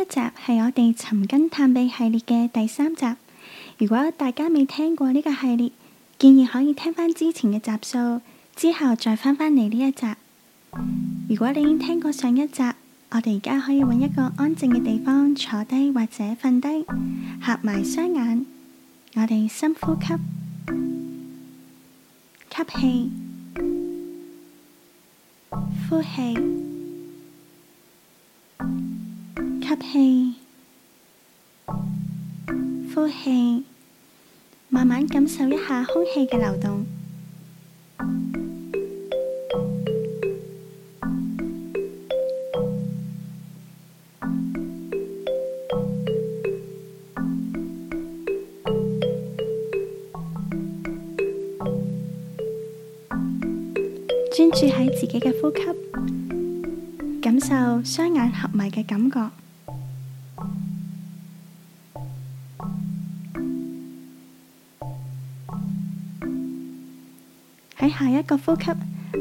一集係我哋尋根探秘系列嘅第三集。如果大家未聽過呢個系列，建議可以聽翻之前嘅集數，之後再翻返嚟呢一集。如果你已經聽過上一集，我哋而家可以揾一個安靜嘅地方坐低或者瞓低，合埋雙眼，我哋深呼吸，吸氣，呼氣。吸氣，呼氣，慢慢感受一下空氣嘅流動。專注喺自己嘅呼吸，感受雙眼合埋嘅感覺。喺下一個呼吸，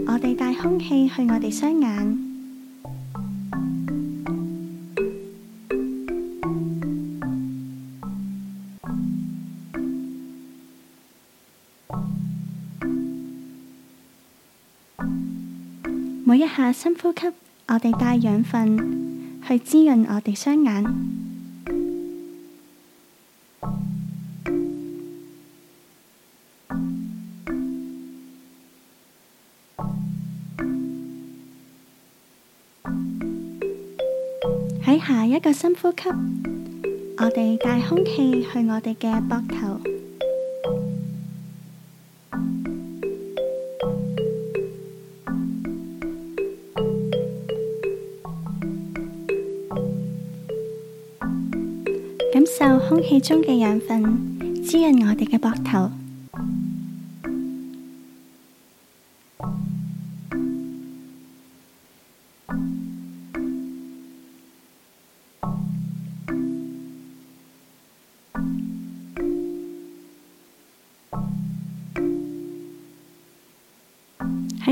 我哋帶空氣去我哋雙眼。每一下深呼吸，我哋帶養分去滋潤我哋雙眼。喺下一個深呼吸，我哋帶空氣去我哋嘅膊頭，感受空氣中嘅養分，滋潤我哋嘅膊頭。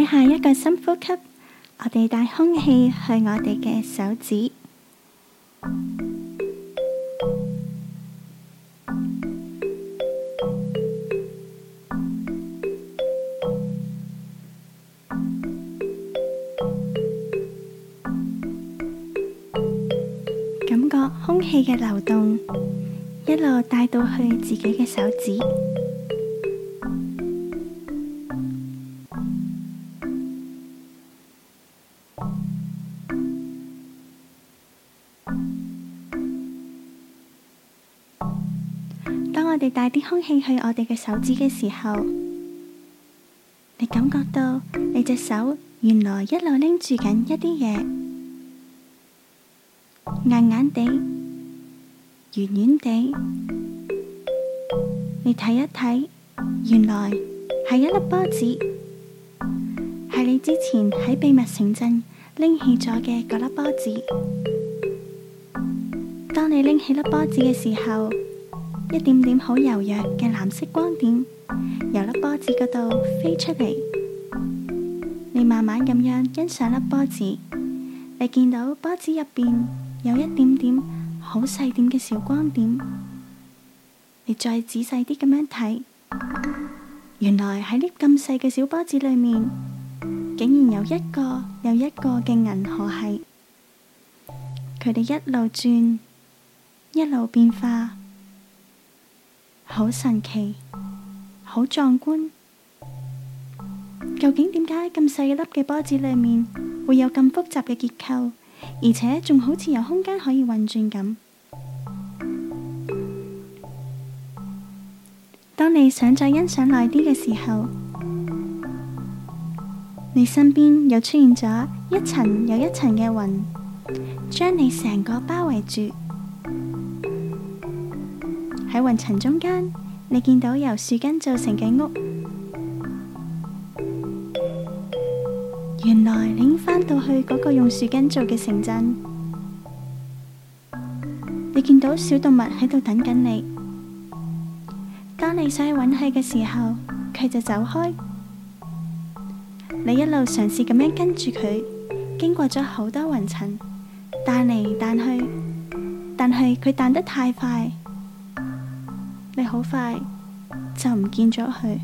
下一個深呼吸，我哋帶空氣去我哋嘅手指，感覺空氣嘅流動，一路帶到去自己嘅手指。帶啲空氣去我哋嘅手指嘅時候，你感覺到你隻手原來一路拎住緊一啲嘢，硬硬地、圓圓地。你睇一睇，原來係一粒波子，係你之前喺秘密城鎮拎起咗嘅嗰粒波子。當你拎起粒波子嘅時候，一點點好柔弱嘅藍色光點，由粒波子嗰度飛出嚟。你慢慢咁樣欣賞粒波子，你見到波子入邊有一點點好細點嘅小光點。你再仔細啲咁樣睇，原來喺呢咁細嘅小波子裏面，竟然有一個又一個嘅銀河系。佢哋一路轉，一路變化。好神奇，好壯觀！究竟點解咁細粒嘅波子裏面會有咁複雜嘅結構，而且仲好似有空間可以運轉咁？當你想再欣賞耐啲嘅時候，你身邊又出現咗一層又一層嘅雲，將你成個包圍住。喺雲層中間，你見到由樹根做成嘅屋，原來你返到去嗰個用樹根做嘅城鎮，你見到小動物喺度等緊你。當你想去搵佢嘅時候，佢就走開。你一路嘗試咁樣跟住佢，經過咗好多雲層，彈嚟彈去，但係佢彈得太快。你好快就唔見咗佢。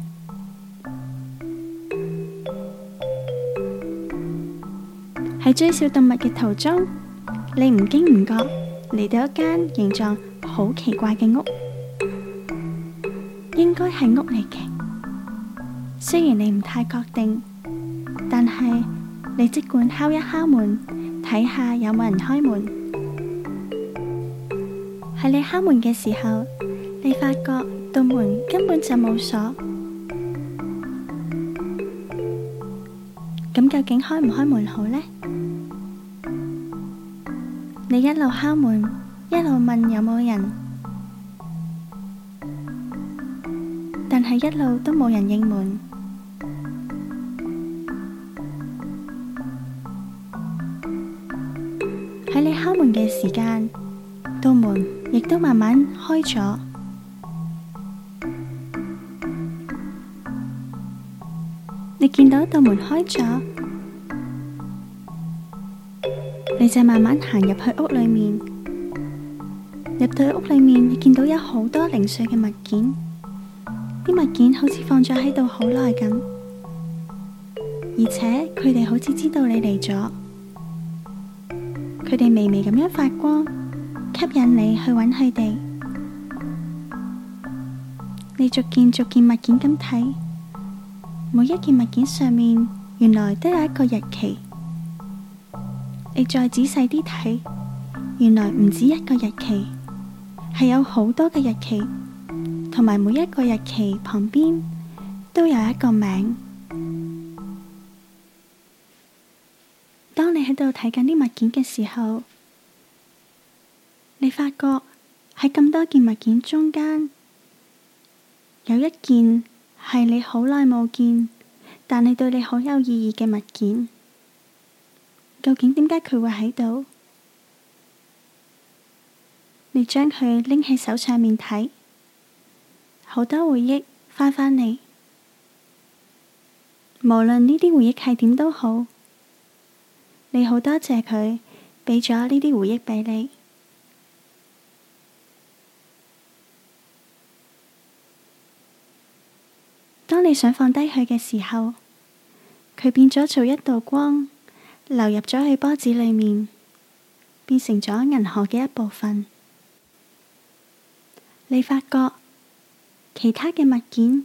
喺追小動物嘅途中，你唔經唔覺嚟到一間形狀好奇怪嘅屋，應該係屋嚟嘅。雖然你唔太確定，但係你即管敲一敲門，睇下有冇人開門。喺你敲門嘅時候。你發覺道門根本就冇鎖，咁究竟開唔開門好呢？你一路敲門，一路問有冇人，但係一路都冇人應門。喺你敲門嘅時間，道門亦都慢慢開咗。你見到道門開咗，你就慢慢行入去屋裏面。入到屋裏面，你見到有好多零碎嘅物件，啲物件好似放咗喺度好耐咁，而且佢哋好似知道你嚟咗，佢哋微微咁樣發光，吸引你去揾佢哋。你逐件逐件物件咁睇。每一件物件上面，原來都有一個日期。你再仔細啲睇，原來唔止一個日期，係有好多嘅日期，同埋每一個日期旁邊都有一個名。當你喺度睇緊啲物件嘅時候，你發覺喺咁多件物件中間有一件。係你好耐冇見，但係對你好有意義嘅物件，究竟點解佢會喺度？你將佢拎喺手上面睇，好多回憶翻返嚟。無論呢啲回憶係點都好，你好多謝佢俾咗呢啲回憶俾你。當你想放低佢嘅時候，佢變咗做一道光，流入咗去波子裏面，變成咗銀河嘅一部分。你發覺其他嘅物件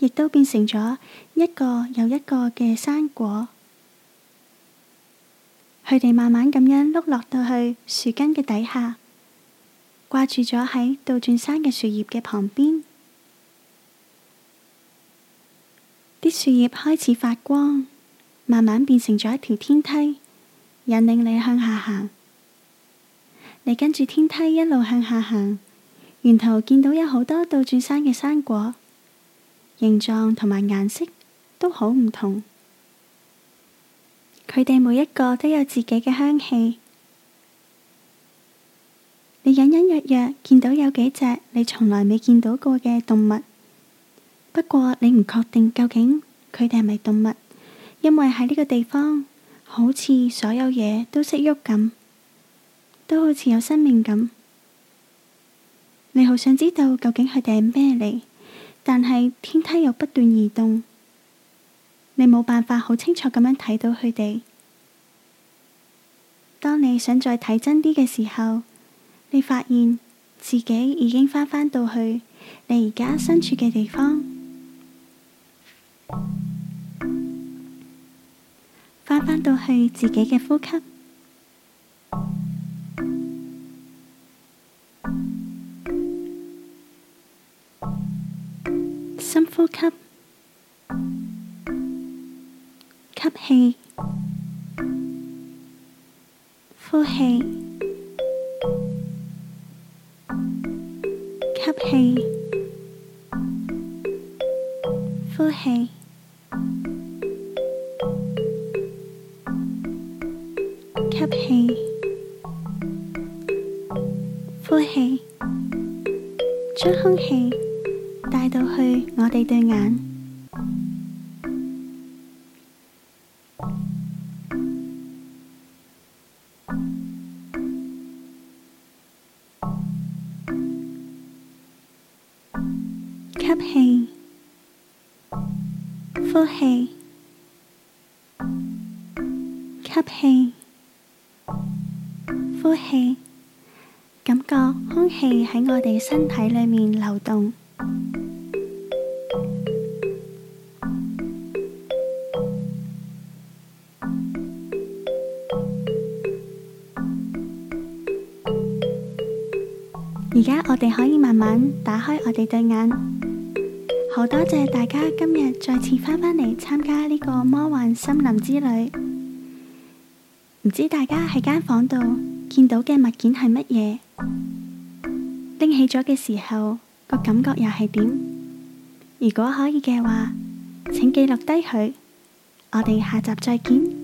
亦都變成咗一個又一個嘅生果，佢哋慢慢咁樣碌落到去樹根嘅底下，掛住咗喺倒轉山嘅樹葉嘅旁邊。樹葉開始發光，慢慢變成咗一條天梯，引領你向下行。你跟住天梯一路向下行，沿途見到有好多倒轉山嘅生果，形狀同埋顏色都好唔同。佢哋每一個都有自己嘅香氣。你隱隱約約見到有幾隻你從來未見到過嘅動物。不過你唔確定究竟佢哋係咪動物，因為喺呢個地方好似所有嘢都識喐咁，都好似有生命咁。你好想知道究竟佢哋係咩嚟？但係天梯又不斷移動，你冇辦法好清楚咁樣睇到佢哋。當你想再睇真啲嘅時候，你發現自己已經翻翻到去你而家身處嘅地方。翻到去自己嘅呼吸，深呼吸，吸氣，呼氣，吸氣，呼氣。吸氣，呼氣，將空氣帶到去我哋對眼。吸氣，呼氣，吸氣。感覺空氣喺我哋身體裏面流動。而家我哋可以慢慢打開我哋對眼。好多謝大家今日再次返返嚟參加呢個魔幻森林之旅。唔知大家喺間房度見到嘅物件係乜嘢？拎起咗嘅時候，個感覺又係點？如果可以嘅話，請記錄低佢。我哋下集再見。